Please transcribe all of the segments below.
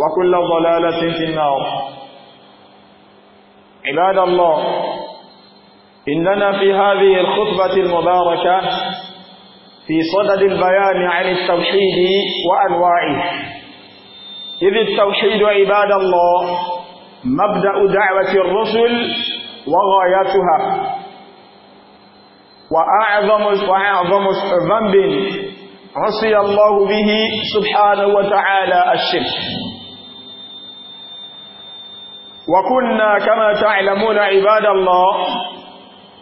وكل ضلالة في النار عباد الله إننا في هذه الخطبة المباركة في صدد البيان عن التوحيد وأنواعه إذ التوحيد عباد الله مبدأ دعوة الرسل وغايتها وأعظم وأعظم ذنب عصي الله به سبحانه وتعالى الشرك وكنا كما تعلمون عباد الله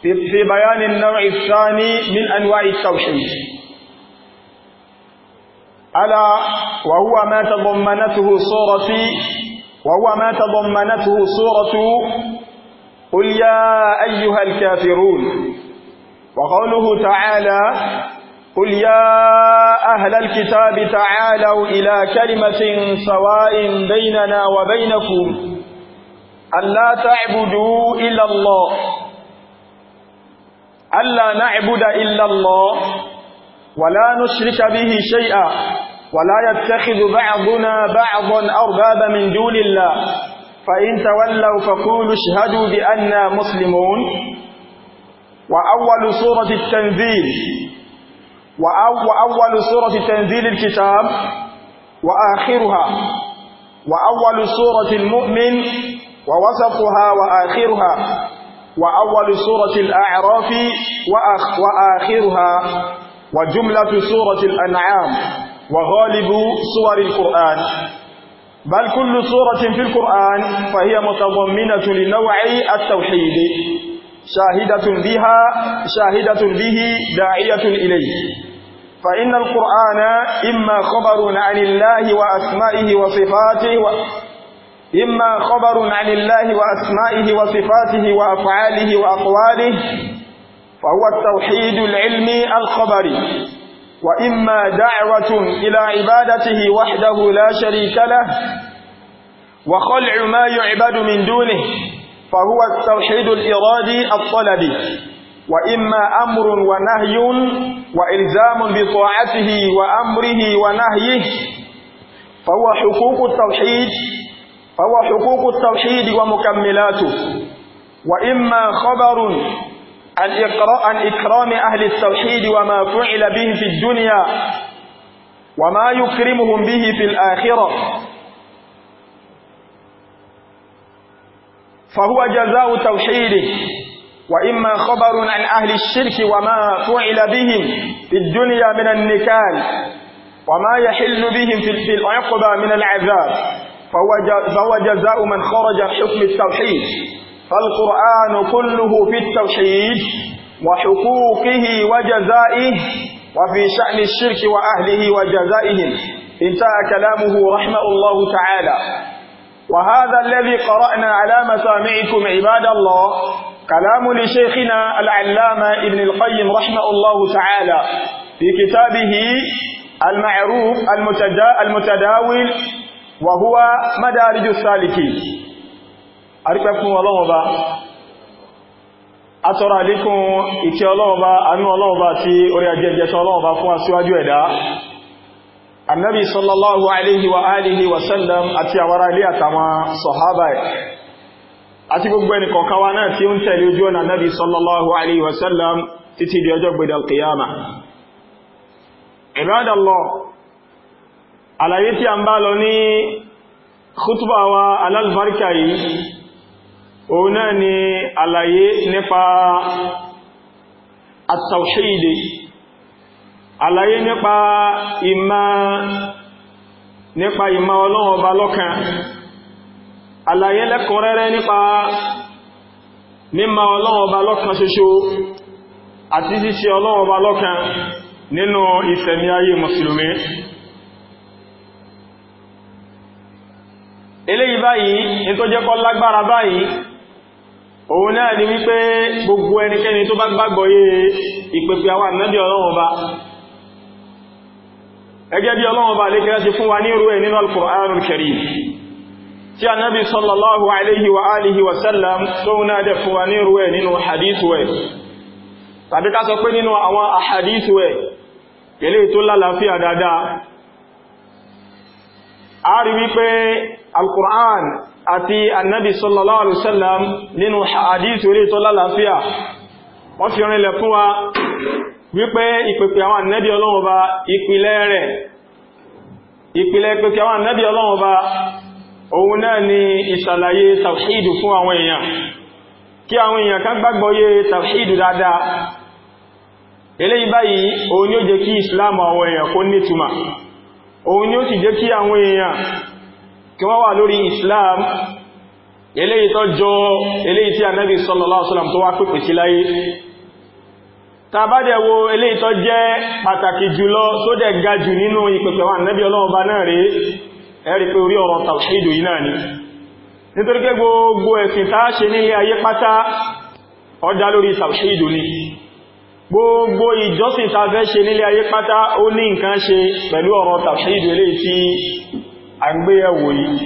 في بيان النوع الثاني من أنواع التوحيد ألا وهو ما تضمنته صورة وهو ما تضمنته صورة قل يا أيها الكافرون وقوله تعالى قل يا أهل الكتاب تعالوا إلى كلمة سواء بيننا وبينكم ألا تعبدوا إلا الله ألا نعبد إلا الله ولا نشرك به شيئا ولا يتخذ بعضنا بعضا أربابا من دون الله فإن تولوا فقولوا اشهدوا بأننا مسلمون وأول سورة التنزيل وأول سورة تنزيل الكتاب وآخرها وأول سورة المؤمن ووسطها وآخرها وأول سورة الأعراف وآخرها وجملة سورة الأنعام وغالب سور القرآن بل كل سورة في القرآن فهي متضمنة لنوع التوحيد شاهدة بها شاهدة به داعية إليه فإن القرآن إما خبر عن الله وأسمائه وصفاته و إما خبر عن الله وأسمائه وصفاته وأفعاله وأقواله فهو التوحيد العلمي الخبري وإما دعوة إلى عبادته وحده لا شريك له وخلع ما يعبد من دونه فهو التوحيد الإرادي الطلبي وإما أمر ونهي وإلزام بطاعته وأمره ونهيه فهو حقوق التوحيد فهو حقوق التوحيد ومكملاته وإما خبر عن, إكرام أهل التوحيد وما فعل به في الدنيا وما يكرمهم به في الآخرة فهو جزاء توحيده وإما خبر عن أهل الشرك وما فعل بهم في الدنيا من النكال وما يحل بهم في العقبة من العذاب فهو جزاء من خرج حكم التوحيد فالقرآن كله في التوحيد وحقوقه وجزائه وفي شأن الشرك وأهله وجزائهم انتهى كلامه رحمه الله تعالى وهذا الذي قرأنا على مسامعكم عباد الله كلام لشيخنا العلامة ابن القيم رحمه الله تعالى في كتابه المعروف المتداول wa huwa madariju sálìkì àrípẹ́ fún ọlọ́wọ́ba atọ́rọ àlékún ìkẹ́ ọlọ́wọ́ba anú ọlọ́wọ́ba tí orí ajẹ́jẹsọ ọlọ́wọ́ba fún aṣíwájú ẹ̀dá annabi sallallahu alaihi wa alihi wa sallam àti àwárá ilé àtàwọn sọ̀hábà àti gbogbo ẹni kọ̀ọ̀kan wa náà tí ó ń tẹ̀lé ojú ọ̀nà annabi sallallahu alaihi wa sallam títí di ọjọ́ gbẹ̀dẹ̀ alkiyama ibadallah àlàyé tí a ń bá lọ ní khutba wa alálùbáríkà yìí òun náà ni àlàyé nípa àtàwṣíìdè àlàyé nípa ìmá nípa ìmá ọlọ́run ọba lọ́kan àlàyé lẹ́kọ̀ọ́rẹ́rẹ́ nípa mímá ọlọ́run ọba lọ́kan ṣoṣo àti ṣíṣe ọlọ́run ọba lọ́kan nínú ìsẹ̀mí ayé mùsùlùmí báyìí ní tó jẹ́ kó lágbára báyìí òun náà ni wípé gbogbo ẹnikẹ́ni tó bá gbàgbọ́ yé ìpèpè àwọn ànábì ọlọ́run ọba ẹgẹ́ bí ọlọ́run ọba lè kẹ́rẹ́ ti fún wa ní irú ẹ̀ nínú al-Qur'anul Karim tí ànábì sallallahu alaihi wa alihi wa sallam tó náà dẹ̀ fún wa ní irú a rí wípé alkùrán àti annabi sallallahu alaihi wasallam nínú hadith orí tó lálàáfíà wọ́n fi rìnlẹ̀ fún wa wípé ìpèpè àwọn annabi ọlọ́run ba ìpìlẹ̀ rẹ̀ ìpìlẹ̀ ìpèpè àwọn annabi ọlọ́run ba òun náà ni ìṣàlàyé tàwṣídù fún àwọn èèyàn kí àwọn èèyàn kan gbàgbọ́yé tàwṣídù dáadáa eléyìí báyìí òun ni ó jẹ́ kí islam àwọn èèyàn kó nítumà òun ni ó sì jẹ́ kí àwọn èèyàn kí wọ́n wà lórí islam eléyìí tó jọ eléyìí tí anábi sallallahu alaihi wasallam tó wá pèpè sí láyé tàbádẹ̀ wo eléyìí tó jẹ́ pàtàkì jùlọ tó dẹ̀ ga jù nínú ìpèpè wọn anábi ọlọ́run bá náà rí ẹ̀rí pé orí ọ̀rọ̀ tàwídò yìí náà ni nítorí pé gbogbo ẹ̀sìn tá ṣe nílé àgbéyẹ̀wò yìí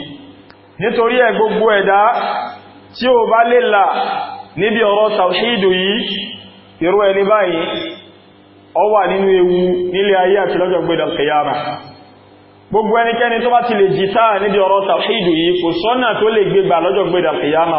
nítorí ẹ gbogbo ẹ̀dá tí ó bá lè là níbi ọ̀rọ̀ tàwíìdù yìí irú ẹni báyìí ó wà nínú ewu nílé ayé àti lọ́jọ́ gbẹ́dọ̀ kẹyàmà gbogbo ẹnikẹ́ni tó bá ti lè jìtá níbi ọ̀rọ̀ tàwíìdù yìí kò sọ́nà tó lè gbégbà lọ́jọ́ gbẹ́dọ̀ kẹyàmà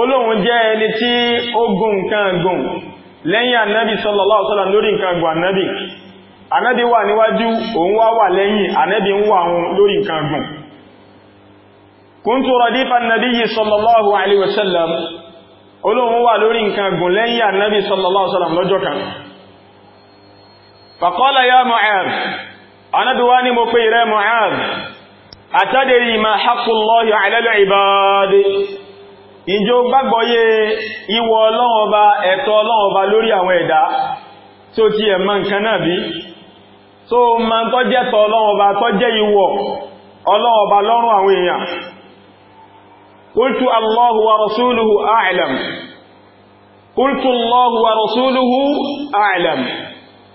olóhun jẹ́ ẹni tí ó gùn nǹkan gùn lẹ́yìn ànábì sallallahu alaihi wasallam lórí nǹkan gùn ànábì ànábì wà níwájú òun wá wà lẹ́yìn ànábì ń wà òun lórí nǹkan gùn kuntu radifa an-nabiyyi sallallahu alaihi wasallam olóhun wà lórí nǹkan gùn lẹ́yìn ànábì sallallahu alaihi wasallam lọ́jọ́ kan faqala ya Mu'adh ànábì wá ní mo ìjọ gbàgbọ́yé ìwọ ọlọ́run ọba ẹ̀tọ́ ọlọ́run ọba lórí àwọn ẹ̀dá tí ó ti ẹ̀mọ́ nǹkan náà bí tó ma tọ́ jẹ́ tọ́ ọlọ́run ọba tọ́ jẹ́ ìwọ ọlọ́run ọba lọ́rùn àwọn èèyàn qultu Allahu wa rasuluhu a'lam qultu Allahu wa rasuluhu a'lam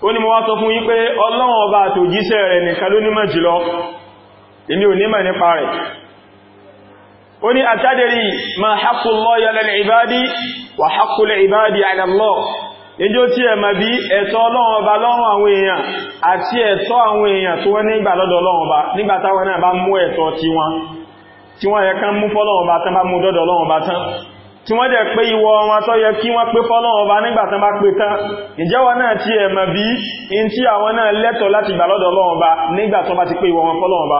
ó ní mo wá sọ fún yín pé ọlọ́run ọba àtòjíṣẹ́ rẹ̀ nìkan ló nímọ̀ ó ní àtàdẹ̀rí ma haqqullah ala al-ibadi wà haqqul ibadi ala Allah níjó tí ẹ ma bí ẹ̀tọ́ ọlọ́run ọba lọ́rùn àwọn èèyàn àti ẹ̀tọ́ àwọn èèyàn tó wọ́n nígbà lọ́dọ̀ ọlọ́run ọba nígbà táwọn náà bá mú ẹ̀tọ́ tí wọ́n tí wọ́n yẹ kán mú fọ́lọ́run ọba tán bá mú dọ́dọ̀ ọlọ́run ọba tán tí wọ́n jẹ́ pé ìwọ wọn tó yẹ kí wọ́n pé fọ́lọ́run ọba nígbà tán bá pé tán ìjẹ́wọ́ náà tí ẹ mọ̀ bí in tí àwọn náà lẹ́tọ̀ọ́ láti gbà lọ́dọ̀ ọlọ́run ọba nígbà tó bá ti pé ìwọ wọn fọ́lọ́run ọba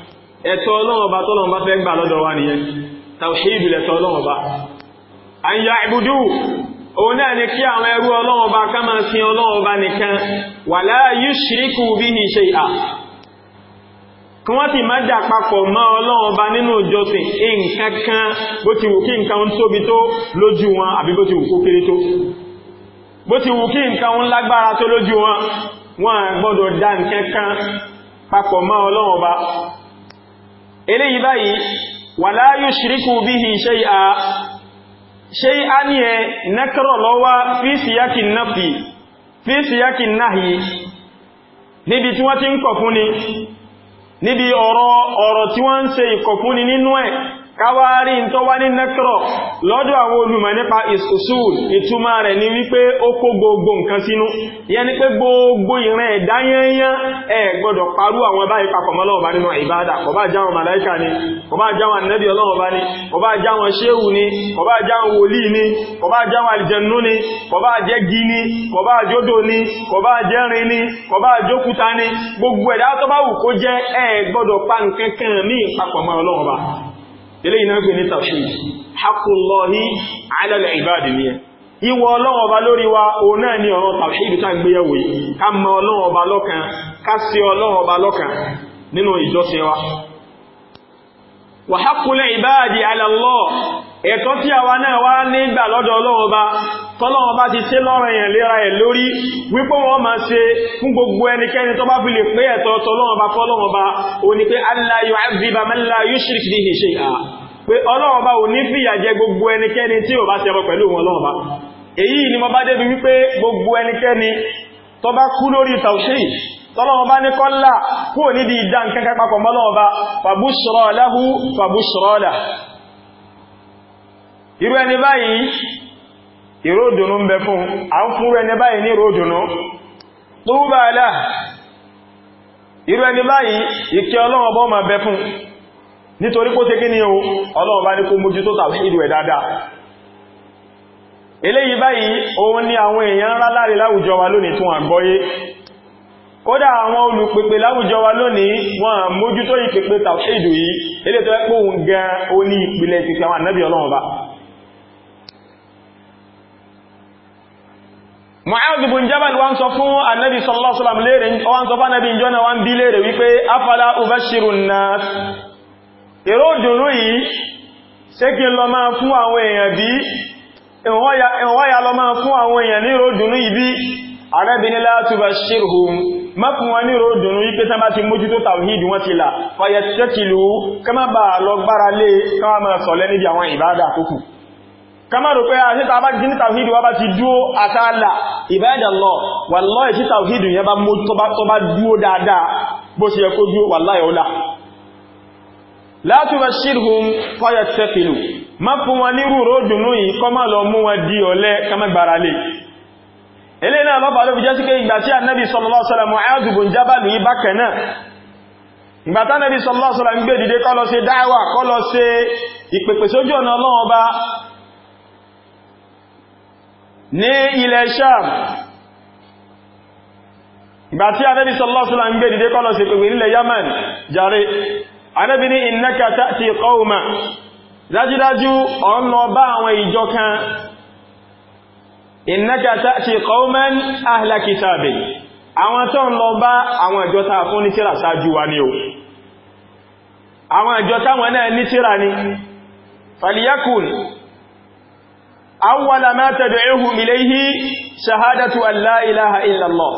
ẹ̀tọ́ ọlọ́run ọba tọ́lọ́run bá fẹ́ gbà lọ́dọ̀ wa nìyẹn tàwíìdù lẹ̀tọ́ ọlọ́run ọba àyà ìbùdú òun náà ni kí àwọn ẹrú ọlọ́run ọba ká máa sin ọlọ́run ọba nìkan wà láàyè ṣíríkù bí ní ṣe ìhà kí wọ́n ti má dà papọ̀ mọ́ ọlọ́run ọba nínú ìjọsìn nǹkan kan bó ti wù kí nǹkan ń tóbi tó lójú wọn àbí bó ti wù kó kéré tó bó ti wù kí nǹkan ń lágbára tó lójú wọn wọn gbọ́dọ̀ dá nǹkan kan papọ̀ mọ́ ọlọ́run ọba eléyìí báyìí wala yushriku bihi shay'a shay'an yẹ nakra ló wà fi siyakin nafi fi siyakin nahyi níbi tí wọ́n ti ń kọ̀ fún ni níbi ọ̀rọ̀ ọ̀rọ̀ tí wọ́n ń ṣe ìkọ̀ nínú ẹ̀ káwárí tó wá ní nẹ́kọ̀rọ̀ lọ́dọ̀ àwọn olùmọ̀ nípa ìsùsùl ìtumà rẹ̀ ni wípé ó kó gbogbo nǹkan sínú yẹn ni pé gbogbo ìran ẹ̀dá yẹnyẹn ẹ gbọ́dọ̀ parú àwọn báyìí papọ̀ mọ́ Ọlọ́run bá nínú ìbádà kò bá jáwọn màláíkà ni kò bá jáwọn ànábì Ọlọ́run ni kò bá jáwọn ṣéhù ni kò bá jáwọn wòlíì ni kò bá jáwọn àlìjẹnú ni kò bá jẹ́ gi ni kò bá jódò ni pa nǹkan kan ní eléyìí náà pè ní tawhid haqqullahi ala al-ibad nìyẹn ìwọ ọlọ́wọ́ ọba lórí wa òun náà ni ọ̀rọ̀ tawhid tá gbéyẹ̀wò yìí ká mọ ọlọ́wọ́ ọba ká sí ọlọ́wọ́ ọba nínú ìjọsìn wa wa haqqul ibadi ala ẹ̀tọ́ tí àwa náà wá nígbà lọ́dọ̀ ọlọ́run bá tọ́lọ́run bá ti ṣe lọ́rọ̀ èèyàn léra ẹ̀ lórí wípé wọ́n máa ṣe fún gbogbo ẹnikẹ́ni tó bá fi lè pé ẹ̀tọ́ tọ́lọ́run bá fọ́lọ́run bá o pé tọ́lọ́wọ́ bá ní kọ́lá kúrò nídi ìdá nǹkan kápapọ̀ mọ́lọ́wọ́ bá fàbúṣọ́lá irú ẹni báyìí ìródùnú ń bẹ fún a ń fún ẹni báyìí ní ìródùnú túbà alá irú ẹni báyìí ìkẹ́ ọlọ́wọ́ bọ́ ma bẹ fún nítorí kó tẹ́kí ní o ọlọ́wọ́ bá ní kó mójú tó tàbí ìlú ẹ̀ dáadáa eléyìí báyìí òun ni àwọn èèyàn ńlá láre láwùjọ wa lónìí tún àgbọ́yé kódà àwọn olùpèpè láwùjọ wa lónìí wọn mójútó ìpèpè tàbí ìdù yìí eléyìí tó ẹ́pọ̀ òun gan oní ìpìlẹ̀ ìpìpì àwọn ànábì ọlọ́run bá Mu'adh ibn Jabal wá ń sọ fún annabi sallallahu alaihi wasallam léèrè wá ń sọ fún annabi ìjọ́nà wá ń bí léèrè wípé afala ubashirun nas èrò òdùnú yìí ṣé kí n lọ máa fún àwọn èèyàn bí ìwọ́ya lọ máa fún àwọn èèyàn ní èrò òdùnú yìí bí arábìnrin la tubashirhum mọ́kùn wọn ní ròdùnú wípé tán bá ti mójútó tàwíìdì wọn ti là fayẹ̀tẹ́kìlú kẹ́mọ́ kamaro pé a ní ta bá jí ní tàwídù wá bá ti dúó àtàlà ìbádàlọ́ wàlláhì tí tàwídù yẹn bá mú tó bá dúó dáadáa bó ṣe ẹkó dúó wàlláhì ọlá látúwà ṣírhùn fọ́yẹ̀ tẹ́fìlù má fún wọn ní rúró dùnú yìí kọ́ má lọ mú wọn di ọ̀lẹ kamagbára lè ilé náà lọ́pàá ló fi jẹ́ sí pé ìgbà tí ànábì sallallahu alaihi wasallam Mu'adh bin Jabal yìí bákan náà ìgbà tí sallallahu alaihi wasallam ń gbé dìde kọ́ lọ ṣe dáwà kọ́ lọ ṣe ìpèpè sójú ọ̀nà Ọlọ́run ní ilẹ̀ Sham ìgbà tí Ànábì sallallahu alaihi wasallam ń gbé dìde kọ́lọ̀ sí pẹ̀lú ilẹ̀ Yaman jàre Ànábì ní innaka ta'ti qawma dájúdájú ọ̀nà bá àwọn ìjọ kan innaka ta'ti qawman ahla àwọn tó ń lọ bá àwọn ìjọ fún nítírà sáájú wa ni o àwọn ìjọ táwọn náà nítírà ni falyakun awwala ma tad'uhum ilayhi shahadatu an la ilaha illa Allah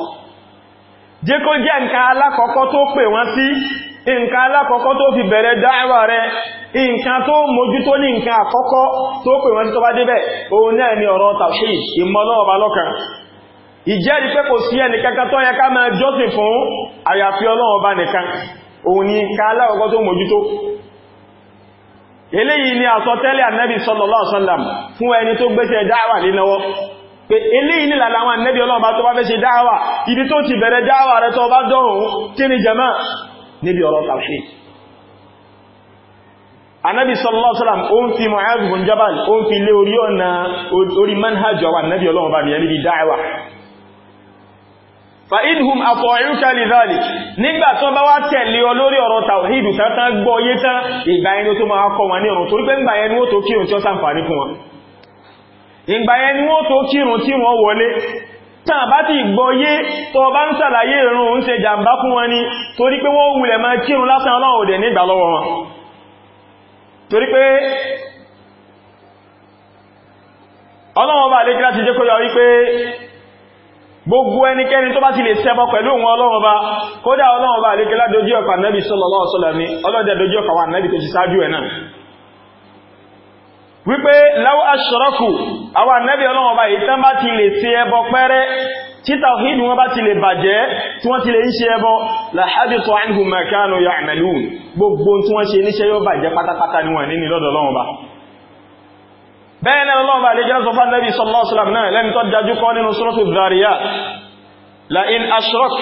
jẹ́ kó jẹ́ nǹkan alákọ̀ọ́kọ́ tó pè wọ́n sí nǹkan alákọ̀ọ́kọ́ tó fi bẹ̀rẹ̀ dáẹ̀wà rẹ̀ nǹkan tó mójútó ní nǹkan àkọ́kọ́ tó pè wọ́n sí tó bá débẹ̀ òun náà ni ọ̀rọ̀ tawhid ìmọ́lọ́ọ̀bá lọ́kàn ìjẹ́rìí pé kò sí ẹni kankan tó yẹ ká máa jọ́sìn fún àyàfi Ọlọ́run ọba nìkan òun ni nǹkan alákọ̀ọ́kọ́ tó mójútó eléyìí ni àsọtẹ́lẹ̀ ànẹ́bì sallallahu alaihi wasallam fún ẹni tó gbéṣẹ́ dáwà lílọ́wọ́ pé eléyìí ní lànà àwọn ànẹ́bì ọlọ́ọ̀bá tó bá fẹ́ ṣe dáwà ibi tó ti bẹ̀rẹ̀ dáwà rẹ̀ tó bá dọ̀rùn kí ni jẹ́mọ́ níbi ọ̀rọ̀ tàfí ànẹ́bì sallallahu alaihi wasallam ó ń fi Mu'adh bin Jabal ó ń fi lé fa inhum atọ̀ẹ̀rúkà lìzáàlì nígbà tó bá wá tẹ̀lé ọ lórí ọ̀rọ̀ tàwíìdù tátá gbọ yé tán ìgbà ma tó kọ wọn ní ọ̀rọ̀ torí pé ńgbà ẹni ó tó kírun fún tí wọ́n wọlé tàn bá ti gbọ́ bá n fún ni torí pé torí pé bá lè jẹ́ gbogbo ẹnikẹ́ni tó bá ti lè ṣẹbọ pẹ̀lú òun ọlọ́run ọba kódà ọlọ́run ọba àlékelá dojú ọ̀pá nẹ́bí sallallahu alaihi wasallam ní ọlọ́dẹ dojú ọ̀pá wà nẹ́bí tó ti sáájú ẹ̀ náà wípé law ashraku àwọn nẹ́bí ọlọ́run ọba yìí tán bá ti lè ṣe ẹbọ pẹ́rẹ́ tí tawhid wọn bá ti lè bàjẹ́ tí ọlọ́run ọba bẹ́ẹ̀ náà lọ́wọ́ bá lè jẹ́ sọfá nẹ́bí sọlọ́sọlọ́m náà lẹ́ni tó dájú kọ́ nínú sọ́rọ̀tù zariya la in ashrok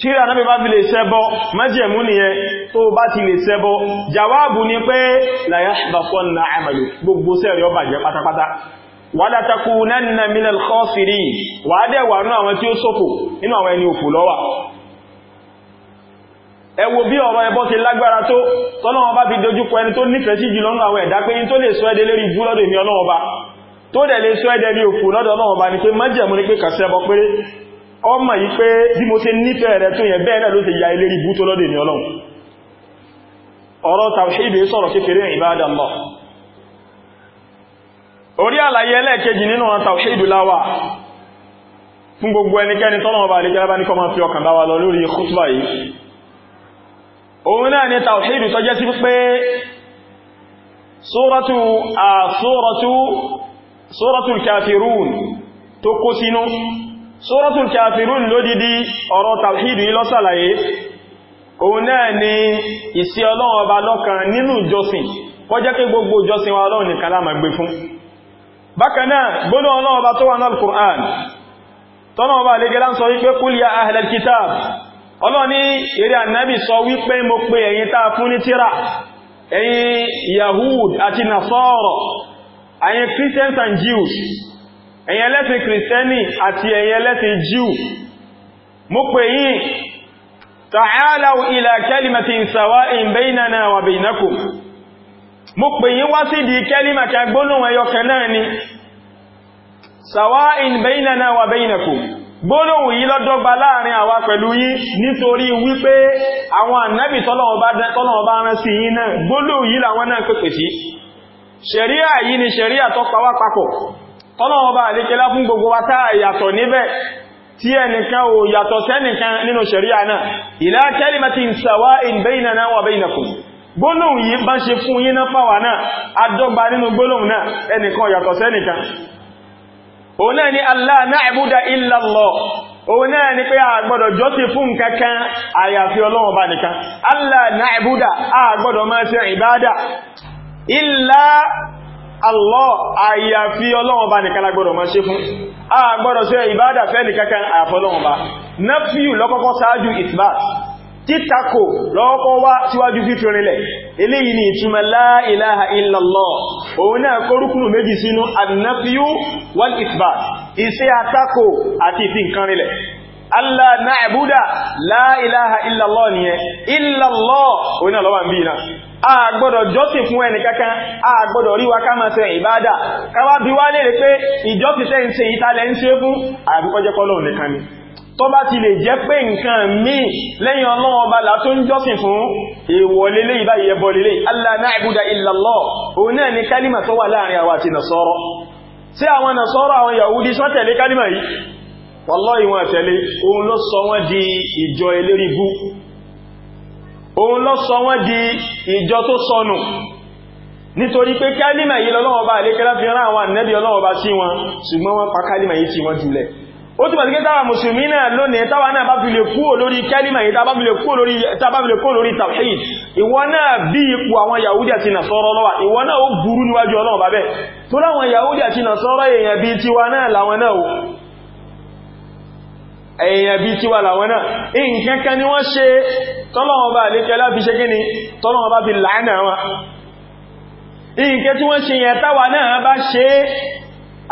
tí rà náà bá fi lè ṣẹbọ májẹ̀mú nìyẹn tó bá ti lè ṣẹbọ jawabu ni pé la yahbatanna amalu gbogbo sẹ́rẹ̀ ó bàjẹ́ pátápátá wala ẹ wo bí ọ̀rọ̀ ẹbọ ti lágbára tó tọ́lọ́wọ́n bá fi dojúkọ ẹni tó nífẹ̀ẹ́ sí jù lọ́nà àwọn ẹ̀dá pé in tó lè sọ ẹ́dẹ lérí ibú lọ́dọ̀ èmi ọlọ́wọ́ òfò lọ́dọ̀ ọlọ́wọ́ bá ní pé májẹ̀mú ní pé kàṣẹ́bọ pé ọmọ yìí pé bí ya ilé ibú tó lọ́dọ̀ èmi fún gbogbo ẹnikẹ́ni bá ní òun náà ni tàwàhídù tó jẹ́ sí pé sóràtù àsóràtù sóràtù kàfirún tó kó sínú sóràtù kàfirún lódìdí ọ̀rọ̀ tàwàhídù yí lọ́sàlàyé òun náà ni ìsí ọlọ́run ọba lọ́kan nínú ìjọsìn kó jẹ́ pé gbogbo ìjọsìn wa ọlọ́run nìkan la máa gbé fún bákanáà gbónú ọlọ́run ọba tó wà náà al tọ́nà ọba lè gẹ́lá ń sọ wípé kúlìyà ahlal ọlọ́ni eré ànábì sọ wípé mo pè ẹ̀yin tàà fún ní tíra ẹ̀yin Yahud àti Nasara ẹ̀yin Christians and Jews ẹ̀yin ẹlẹ́sìn Kristẹni àti ẹ̀yin ẹlẹ́sìn Jew mo pè yín ta'alaw ila kalimatin sawa'in baynana wa gbólóhùn yìí lọ́dọ́gba láàrin àwa pẹ̀lú yín nítorí wípé àwọn ànábì tọ́lọ̀wọ́ bá rán sí yín náà gbólóhùn yìí làwọn náà pèpè sí ṣẹ̀ríà yìí ni ṣẹ̀ríà tó pa wá papọ̀ tọ́lọ̀wọ́ bá àlékelá fún gbogbo wa tá yàtọ̀ níbẹ̀ tí ẹnìkan ò yàtọ̀ sẹ́nìkan nínú ṣẹ̀ríà náà ìlà kalimatin sawa'in baynana wa baynakum gbólóhùn yìí bá ṣe fún yín náà adọ́gba nínú gbólóhùn náà ẹnìkan ò òun náà ni Allah na'budu illa Allah òun náà ni pé a gbọ́dọ̀ jọ́sìn fún kankan àyàfi Ọlọ́run bá nìkan Allah na'budu a gbọ́dọ̀ máa ṣe ìbádà illa Allah àyàfi Ọlọ́run bá nìkan la gbọ́dọ̀ máa ṣe fún a títàkò lọ́ọ́kọ́ wá síwájú fífi rinlẹ̀ eléyìí ni ìtumọ̀ la ilaha illallah òun náà kó rúkúnù méjì sínú annafiyu wal isbat iṣẹ́ àtakò àti ìfi nǹkan rinlẹ̀ Allah na'buda la ilaha illallah nìyẹn illallah náà lọ́wà ń bí tó bá ti lè jẹ́ pé nǹkan míì lẹ́yìn ọlọ́run ọba là tó jọ́sìn fún èèwọ̀ lélé ìbáyìí ẹbọ lélé Allah na'budu illa Allah òun náà ni kálímà tó wà láàrin àwa àti nàṣọ́rọ̀ tí àwọn nàṣọ́rọ̀ àwọn yahudi sọ kálímà yìí wallahi wọn tẹ̀lé òun di ìjọ eléríbú òun ló di ìjọ tó sọnù nítorí pé kálímà yìí lọ́lọ́wọ́ bá àlékẹ́lá fi rán àwọn ànẹ́bí ọlọ́wọ́ bá sí wọn ṣùgbọ́n wọ́n pa kálímà yìí tí wọ́n jùlẹ̀ ó túnmọ̀ sí kétàwà mùsùlùmí náà lónìí tàwà náà bá fi lè kúrò lórí kẹ́lìmà yìí tàbá fi lè kúrò lórí tawhid ìwọ náà bí ipò àwọn yahudi àti nasọ́rọ̀ lọ́wà ìwọ náà ó burú níwájú ọlọ́run bàbẹ́ tó láwọn yahudi àti nasọ́rọ̀ èèyàn bí tiwa náà làwọn náà èèyàn bí tiwa làwọn náà nǹkan kan ni wọ́n ṣe tọ́lọ́wọ́n bá lè kẹ́lá fi ṣe kíni tọ́lọ́wọ́n bá fi láàánà wọn nǹkan tí wọ́n ṣe yẹn táwa náà bá ṣe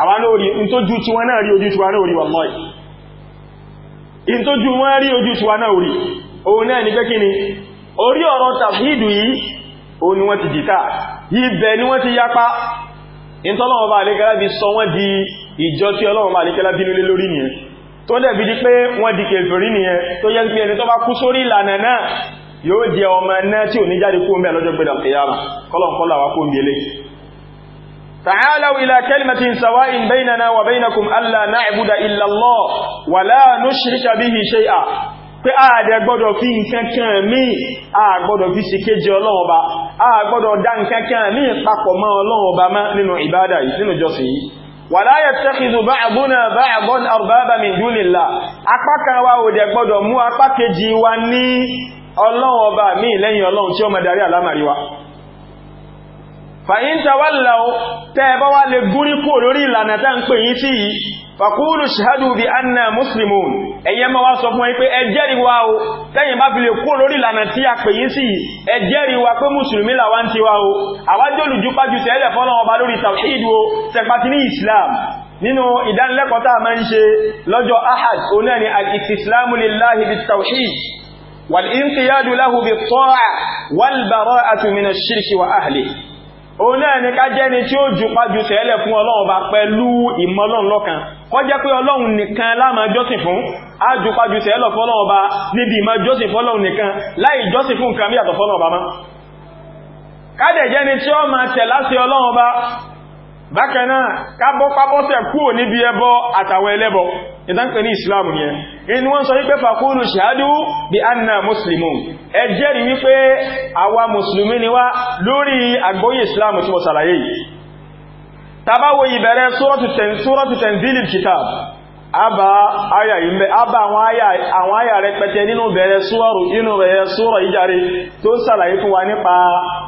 àwa náà rí in tó ju ti wọn náà rí ojú tiwa náà rí wallahi in tó ju wọn rí ojú tiwa náà rí òun náà ní pé kí ni orí ọ̀rọ̀ tàbídù yìí òun ni wọ́n ti jìtà ibẹ̀ ni wọ́n ti yapa in tọ́lọ́wọ́ bá àlékẹ́lá bí sọ wọ́n di ìjọ tí ọlọ́wọ́ bá àlékẹ́lá bínú lé lórí nìyẹn tó dẹ̀bi di pé تعالوا إلى كلمة سواء بيننا وبينكم ألا نعبد إلا الله ولا نشرك به شيئا pé ààdẹ gbọ́dọ̀ fi nǹkankan míì àgbọ́dọ̀ fi ṣe kéje ọlọ́run ọba àgbọ́dọ̀ dá nǹkankan míì papọ̀ mọ́ ọlọ́run ọba má nínú ìbádà yìí nínú jọsìn yìí wala yattakhidhu ba'duna ba'dan arbaba min dunillah apá kan wa ò dẹ̀ gbọ́dọ̀ mú apá kejì wa ní ọlọ́run míì lẹ́yìn ọlọ́run tí ó máa darí àlámàrí fàyín tàwàlà ó tẹ́ẹ̀bá wá lè gúrí kò lórí ìlànà tá ń pè yí tí yìí fàkúrù ṣàdù bí anna muslimun ẹ̀yẹ ma wá sọ fún ẹ pé ẹjẹ́rìí wa o tẹ́yìn bá fi lè kó lórí ìlànà tí a pè yí sí yìí ẹjẹ́rìí wa pé musulmi làwá ń ti wá o àwájọ́ olùjúpájú nínú ìdánilẹ́kọ̀ọ́ tá a máa ń ṣe lọ́jọ́ ahad òun náà ni ká jẹ́ni tí ó jù fun sẹ́lẹ̀ fún ọlọ́run bá pẹ̀lú ìmọ̀ ọlọ́run pe kọ́ jẹ́ pé ọlọ́run nìkan fun a fún á jù pájú sẹ́lẹ̀ fọ́lọ́run bá níbi ìmọ̀ jọ́sìn fọ́lọ́run nìkan láì jọ́sìn fún nǹkan bí àtọ̀ fọ́lọ́run bá má kádẹ̀ jẹ́ni tí ó máa tẹ̀ láti ọlọ́run bá bákanáà kábọ́ pápọ́sẹ̀ kúrò níbi ẹbọ àtàwọn ẹlẹ́bọ ìdánkà ní ìsìláàmù yẹn inú wọ́n sọ wípé fàkúrù ṣàádú bí anna muslimun ẹ wípé àwa musulmi ni wá lórí àgbóyè ìsìláàmù tí mo sàlàyé tabawo ìbẹ̀rẹ̀ súrọ́tù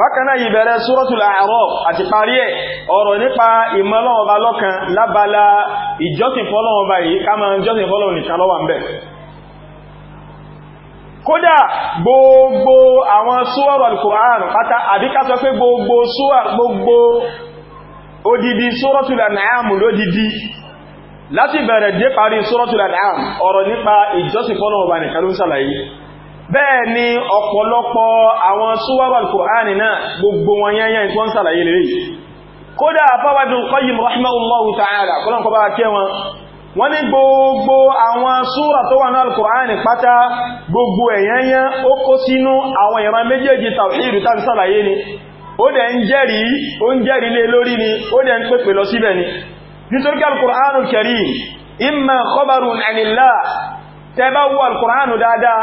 bákaná ìbẹ̀rẹ̀ suratul A'raf àti parí ẹ̀ ọ̀rọ̀ nípa ìmọ̀lọ́wọ́ba lọ́kan lábala ìjọsìn fọ́lọ́wọ́ba yìí ká máa jọsìn fọ́lọ́wọ́ nìkan lọ́wà ń bẹ̀ kódà gbogbo àwọn súwọ́rọ̀ al-Qur'an pátá àbí ká sọ pé gbogbo súwà gbogbo odidi suratul An'am lódidi láti bẹ̀rẹ̀ dé parí suratul An'am ọ̀rọ̀ nípa ìjọsìn fọ́lọ́wọ́ba nìkan ló ń sàlàyé bẹ́ẹ̀ ni ọ̀pọ̀lọpọ̀ àwọn súwárọ̀ al-Qur'ani náà gbogbo wọn yẹnyẹn ìpọ́n sàlàyé lè rí kódà fáwádùn Qayyim rahimahullahu ta'ala kọ́lọ̀kọ́ bá kẹ́ wọn wọ́n ní gbogbo àwọn súra tó wà náà al pátá gbogbo ẹ̀yẹnyẹn ó kó sínú àwọn ìran méjèèjì tàwíìrù tàbí al-Qur'anu dáadáa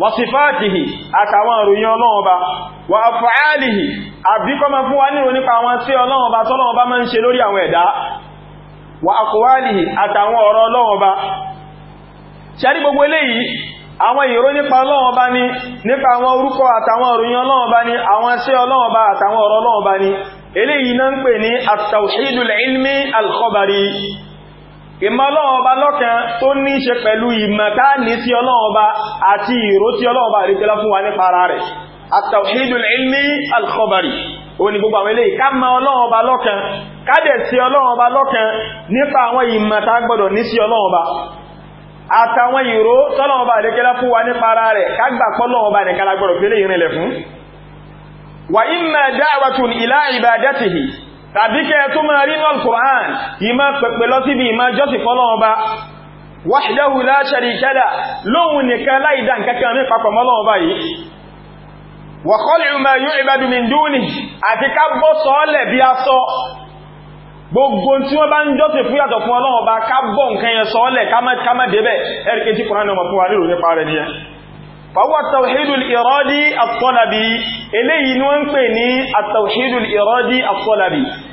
wa sifatihi àtàwọn ìròyìn ọlọ́run ọba wa af'alihi àbíkọ́ ma fún wa ní ìròyìn nípa àwọn sí ọlọ́run ọba tọ́lọ́run ọba máa ń ṣe lórí àwọn ẹ̀dá wa aqwalihi àtàwọn ọ̀rọ̀ ọlọ́run ọba ṣẹ́rí gbogbo eléyìí àwọn ìró nípa ọlọ́run ọba ni nípa àwọn orúkọ àtàwọn ìròyìn ọlọ́run ọba ni àwọn sí ọlọ́run ọba àtàwọn ọ̀rọ̀ ọlọ́run ọba ni eléyìí náà ń pè ní at-tawhidul ilmi al ìmọ̀ ọlọ́run ọba lọ́kan tó ní ṣe pẹ̀lú ìmọ̀ká ní tí ọlọ́run ọba àti ìró tí ọlọ́run ọba àríkẹ́lá fún wa nípa ara rẹ̀ àtàwídùn ilmi alkhobari o ni gbogbo àwọn ilé ká mọ̀ ọlọ́run ọba lọ́kan kádẹ̀ tí ọlọ́run ọba lọ́kan nípa àwọn ìmọ̀ta àtàwọn ìró tọ́lọ́run ọba tàbí kẹ́ tó máa rí náà Kùrán ìmá pẹ̀pẹ̀ lọ síbi ìmá jọ́sì fọ́lọ́wọ́ bá wahdahu la sharika lah lóhun nìkan láìdá nǹkankan ní papọ̀ mọ́lọ́wọ́ bá yìí wa khal'u ma yu'badu min dunihi àti ká bọ́ sọ́ọ́lẹ̀ bí a sọ gbogbo tí wọ́n bá ń jọ́sìn fún yàtọ̀ fún Ọlọ́run bá ká nǹkan yẹn sọ́ọ́lẹ̀ ká débẹ̀ ẹ̀rìkẹ́ tí Kùrán náà fún wa nílò nípa rẹ̀ nìyẹn فهو التوحيد الإرادي الطلبي إليه نوانقني التوحيد الإرادي الطلبي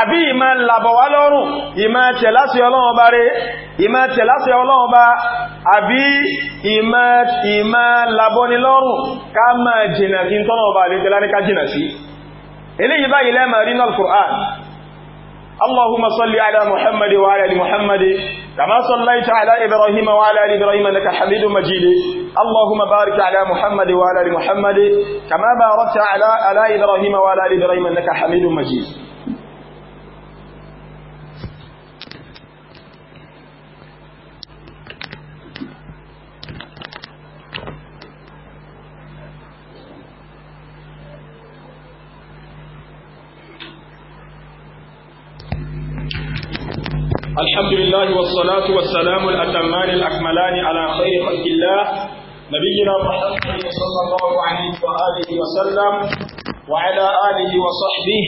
àbí ìmá làbọ̀wá lọ́rùn ìmá tẹ̀láṣẹ ọlọ́run bá rẹ̀ ìmá tẹ̀láṣẹ ọlọ́run bá àbí ìmá làbọ̀ni lọ́rùn ká máa jìnà sí tọ́nà bá lè tẹ́lá ní ká jìnà sí eléyìí báyìí lẹ́mà rí náà Qur'an Allahumma salli ala Muhammad wa ala ali Muhammad kama sallaita ala اللهم بارك على محمد وعلى محمد كما باركت على على ابراهيم وعلى ال ابراهيم انك حميد مجيد الحمد لله والصلاة والسلام الأتمان الأكملان على خير خلق الله نبينا محمد صلى الله عليه وآله وسلم وعلى آله وصحبه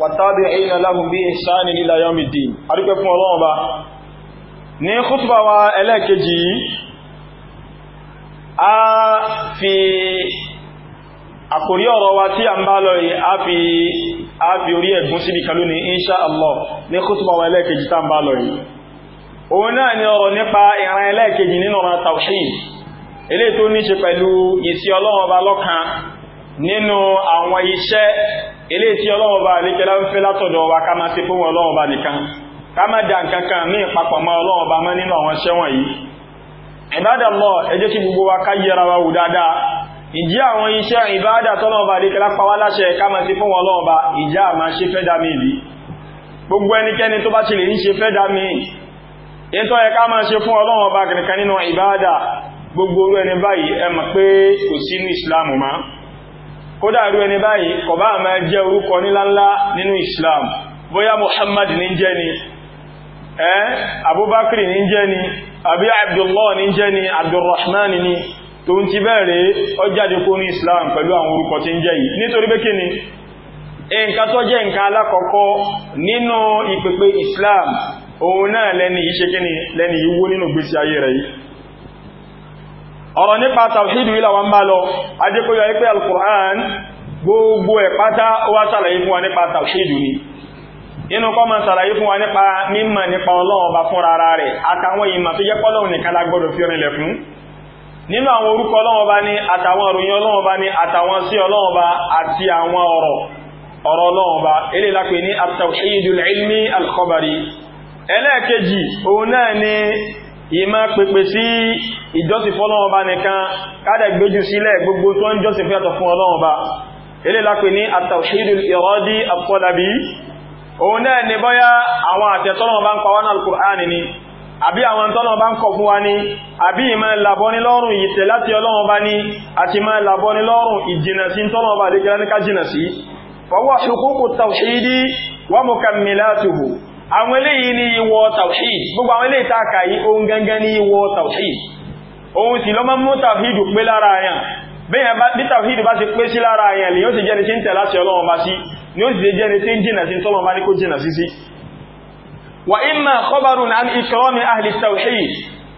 والتابعين لهم بإحسان إلى يوم الدين أرجوكم الله با ní khutba wa ẹlẹ́kejì في àkòrí ọ̀rọ̀ wa tí a ń bá lọ yìí a fi orí ẹ̀gún síbi kan lónìí inṣá ní kútùbà wa ẹlẹ́ẹ̀kejì tá ń bá lọ yìí òun náà ni ọ̀rọ̀ nípa ìran ẹlẹ́ẹ̀kejì nínú ọ̀rọ̀ tawhid ilé tó ní ṣe pẹ̀lú ìsí Ọlọ́run Ọba lọ́kan nínú àwọn iṣẹ́ ilé tí Ọlọ́run Ọba àríkẹ́lá ń fẹ́ látọ̀dọ̀ wa ká máa ti fún wa ká ìjẹ́ àwọn iṣẹ́ ìbáadà tọ́lọ́ọ̀bà àdíkẹ́lá pàwà láṣẹ káàmà sí fún ọlọ́ọ̀bà ìjẹ́ àmà ṣe fẹ́ dámì ìlú gbogbo ẹnikẹ́ni tó bá ti lè ní ṣe fẹ́ dámì ìtọ́ ẹ káàmà ṣe fún ọlọ́ọ̀bà kìrìkan nínú ìbáadà gbogbo orú ẹni báyìí ẹ mọ̀ pé jẹ́ orúkọ níláńlá nínú Muhammad ní jẹ́ ni ẹ́ Abubakar ní jẹ́ ni àbí Abdullah ní jẹ́ ni Abdulrahman tó ń ti bẹ̀rẹ̀ ọjáde kó ní Islam pẹ̀lú àwọn orúkọ tí ń jẹ́ yìí nítorí pé kíni nǹkan tó jẹ́ nǹkan alákọ̀ọ́kọ́ nínú ìpèpè Islam òun náà lẹ́ni yìí ṣe kíni lẹ́ni yìí wó nínú gbésí ayé rẹ̀ yìí ọ̀rọ̀ nípa tàwíìdù ilà wọn bá lọ adékóyọ ipé al-Qur'an gbogbo ẹ̀ pátá wá sàlàyé fún wa ni inú kọ́ ma sàlàyé fún wa nípa mímọ̀ nípa Ọlọ́run fún rárá rẹ̀ àtàwọn ìmọ̀ tó jẹ́ pé nìkan la gbọ́dọ̀ fi nínú àwọn orúkọ ọlọ́wọ́ bá ní àtàwọn òròyìn ọlọ́wọ́ bá ní àtàwọn sí ọlọ́wọ́ bá àti àwọn ọ̀rọ̀ ọ̀rọ̀ ọlọ́wọ́ bá ilé lápé ní at-tawhidul ilmi al-khabari ẹlẹ́ẹ̀kejì òun náà ni ìmá pèpè sí ìjọsìn fún ọlọ́wọ́ bá nìkan kádẹ̀ gbójú sílẹ̀ gbogbo tó ń iradi al-talabi òun náà ni bọ́yá àwọn àtẹ̀tọ́lọ́wọ́ bá ń pa àbí àwọn tọ́nà bá ń kọ̀ fún wa ní àbí ìmọ̀ ìlàbọ́ni lọ́rùn ìtẹ̀ láti ọlọ́run bá ní àti ìmọ̀ ìlàbọ́ni ìjìnà sí tọ́nà bá lè gẹ́rẹ́ níká jìnà sí fọwọ́ huququ tawhidi wa mukammilatuhu àwọn tawhid gbogbo àwọn eléyìí tá a tawhid ohun sì ló máa mú tawhid pé lára àyàn bí tawhid bá ti pé sí lára àyàn lè ni ó sì jẹ́ni tí ń jìnà sí wà ìmà kọbarùn an ìkọ́mí ahli tawhid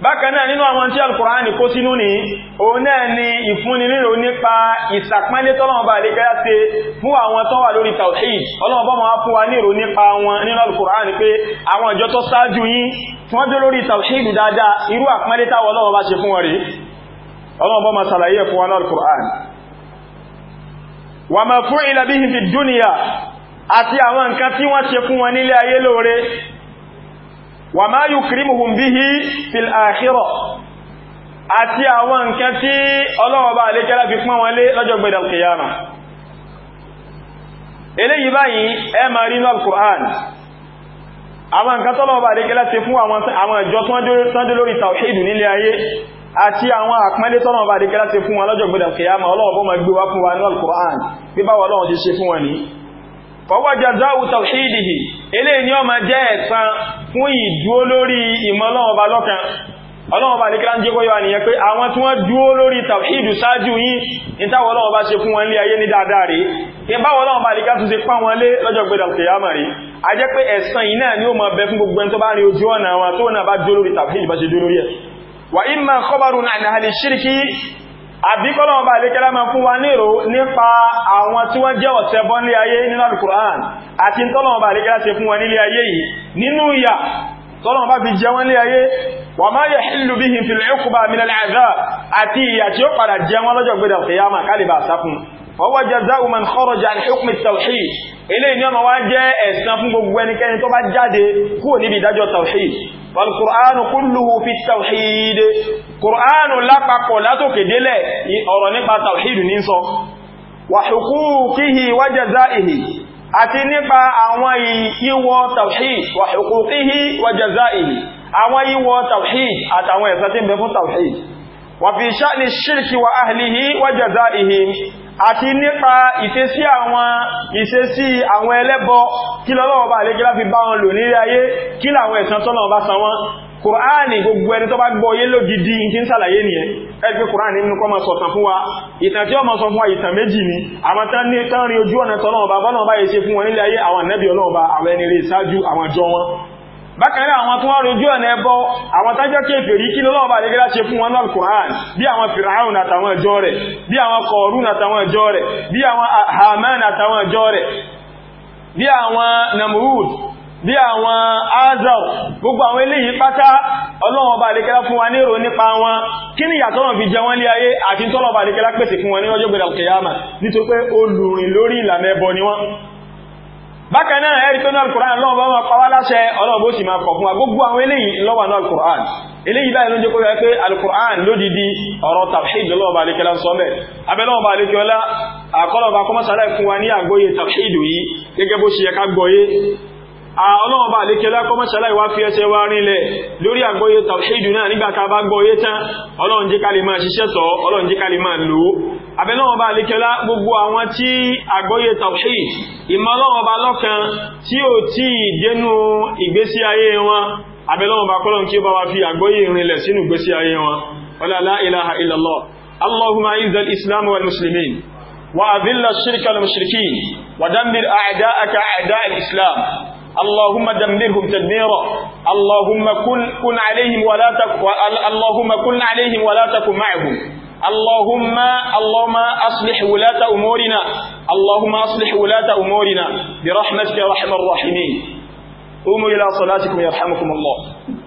bákan náà nínú àwọn tí alkùránì kó sínú ní òun náà ni ìfúnni nílò nípa ìsàpánlé tọ́lọ̀mọba àlégáyá ṣe fún àwọn tó wà lórí tawhid ọlọ́mọba ma fún wa nírò nípa wọn nínú alkùránì pé àwọn ìjọ tó sáájú yín tí wọ́n dé lórí tawhid dáadáa irú àpánlé táwọn ọlọ́mọba ṣe fún wọn rí ọlọ́mọba ma ṣàlàyé fún wọn alkùránì wà ma fún ìlàbíhìn fi dúnìyà àti àwọn nǹkan tí wọ́n ṣe fún wọn nílé ayé lóore wà máa yukrimuhum bihi fil akhirah àti àwọn nǹkan tí Ọlọ́run bá alékẹ́lá fi pọ́n wọn lé lọ́jọ́ gbẹ̀dẹ̀ alkiyama eléyìí báyìí ẹ ma rí náà Qur'an àwọn nǹkan tọ́lọ́wọ́ alékẹ́lá ti fún àwọn ìjọ tọ́jú lórí tawhidu nílé ayé àti àwọn àpẹẹlẹ tọ́lọ́wọ́ alékẹ́lá ti fún wọn lọ́jọ́ gbẹ̀dẹ̀ alkiyama Ele ni ó máa jẹ́ ẹ̀san fún ìdúó lórí ìmọ̀ Ọlọ́run Ọba lọ́kan Ọlọ́run Ọba ní kílá ń jẹ́ kó yíwa nìyẹn pé àwọn tí wọ́n dúó lórí tàwíìdù sáájú yìí ní táwọn Ọlọ́run Ọba ṣe fún wọn lé ayé ní dáadáa rí ní báwọn Ọlọ́run Ọba nìkan tún ṣe pán wọn lé lọ́jọ́ gbẹ̀dà kìyàmà rí a jẹ́ pé ẹ̀san yìí náà ni ó máa bẹ fún gbogbo ẹni tó bá rí ojú ọ̀nà àwọn tó náà bá dúó lórí tàwíìdù bá ṣe dúó lórí ẹ̀ wà ìmọ̀ kọ́bàrún àìnàhàlì ṣíríkì àbí kọ́lọ̀wọ́ bá ilé kẹ́lá máa fún wa nírò nípa àwọn tí wọ́n jẹ́ ọ̀sẹ̀ bọ́ nílé ayé nínú Al-Qur'an àti tọ́lọ̀wọ́ bá ilé kẹ́lá ṣe fún wọn nílé ayé yìí nínú ìyà tọ́lọ̀wọ́ bá fi jẹ wọ́n lé ayé wa ma yahillu bihim fil 'uqba min al-'adhab àti ìyà tí ó padà jẹ wọ́n lọ́jọ́ gbẹ́dẹ̀ qiyamah kálíbà sáfún fọwọ́ jazaa'u man kharaja an hukmi tawhid ilé ni ọmọ wá jẹ́ ẹ̀san fún gbogbo ẹnikẹ́ni tó bá jáde kúrò níbi ìdájọ́ tawhid wal qur'anu kulluhu fi tawhid qur'anu lápapọ̀ látòkè délẹ̀ ọ̀rọ̀ nípa tawhid wa fi sha'ni shirki wa ahlihi wa jazaihim àti nípa ìṣesí àwọn ìṣesí àwọn ẹlẹ́bọ kí lọ́lọ́wọ́ bá lè gílá fi bá wọn lò nílé ayé kí làwọn ẹ̀san tọ́lọ̀ bá san wọn kùránì gbogbo ẹni tó bá gbọ́ yé lógidi tí sàlàyé nìyẹn ẹgbẹ́ kùránì nínú kọmọ ni àwọn tán ní tán rí ojú ọ̀nà tọ́lọ́ọ̀bá bọ́lọ́ọ̀bá yẹ ṣe fún wọn nílé ayé àwọn ànábì ọlọ́ọ̀bá àwọn ẹni rí ìsáájú àwọn ìjọ wọn bákanáà àwọn tó wọ́n rojú ọ̀nà ẹbọ àwọn tájọ́ kéfèrí kí lọ́lọ́ọ̀bà lẹ́gẹ́lá ṣe fún wọn náà Kùránì bí àwọn Fìràún àtàwọn ẹjọ́ rẹ̀ bí àwọn Kọ̀ọ̀rún àtàwọn ẹjọ́ rẹ̀ bí àwọn bi àtàwọn ẹjọ́ rẹ̀ bí àwọn Namrud bí àwọn Azar gbogbo àwọn eléyìí pátá ọlọ́wọ́n bá lẹ́kẹ́lá fún wa ní ìrò nípa wọn kí ni ìyàtọ̀ wọn fi jẹ wọ́n lé ayé àti tọ́lọ̀ bá pèsè fún wọn ní ọjọ́ nítorí pé olùrìn lórí ìlànà bákan náà ẹ̀rí pé náà al-Qur'an lọ́wọ́ bá máa pàwá láṣẹ ọlọ́ọ̀bó sì máa kọ̀ fún wa gbogbo àwọn eléyìí lọ́wọ́ náà al-Qur'an eléyìí báyìí ló jẹ́ kó yẹ pé al-Qur'an lódìdí ọ̀rọ̀ tawhid lọ́wọ́ bá lékẹ́lá sọ bẹ́ẹ̀ abẹ́lọ́wọ́ bá lékẹ́lá àkọlọ́ba kọmọ́sálà fún wa ní àgbóyè tawhid yìí gẹ́gẹ́ bó ṣe yẹ ká gbọ́yé ọlọ́wọ́ bá lékẹ́lá kọmọ́sálà ìwá fi ẹsẹ̀ wá rinlẹ̀ lórí àgbóyè tawhid náà nígbà ká bá gbọ́yé tán ọlọ́run jẹ́ ká lè máa ṣiṣẹ́ sọ ọlọ́run jẹ́ ká lè máa lò ó abẹ́lọ́wọ́n bá alékẹ́lá gbogbo àwọn tí àgbọ́yé tawhid ìmọ́lọ́wọ́n bá lọ́kan tí ó tí ìdénú ìgbésí ayé wọn abẹ́lọ́wọ́n bá kọ́lọ̀ kí ó bá wá fi àgbọ́yé ìrìnlẹ̀ sínú ìgbésí ayé wọn wala اللهم دمرهم تدميرا اللهم كن كن عليهم ولا تك اللهم كن عليهم ولا تكن معهم اللهم اللهم أصلح ولاة أمورنا اللهم أصلح ولاة أمورنا برحمتك يا ارحم الراحمين قوموا إلى صلاتكم يرحمكم الله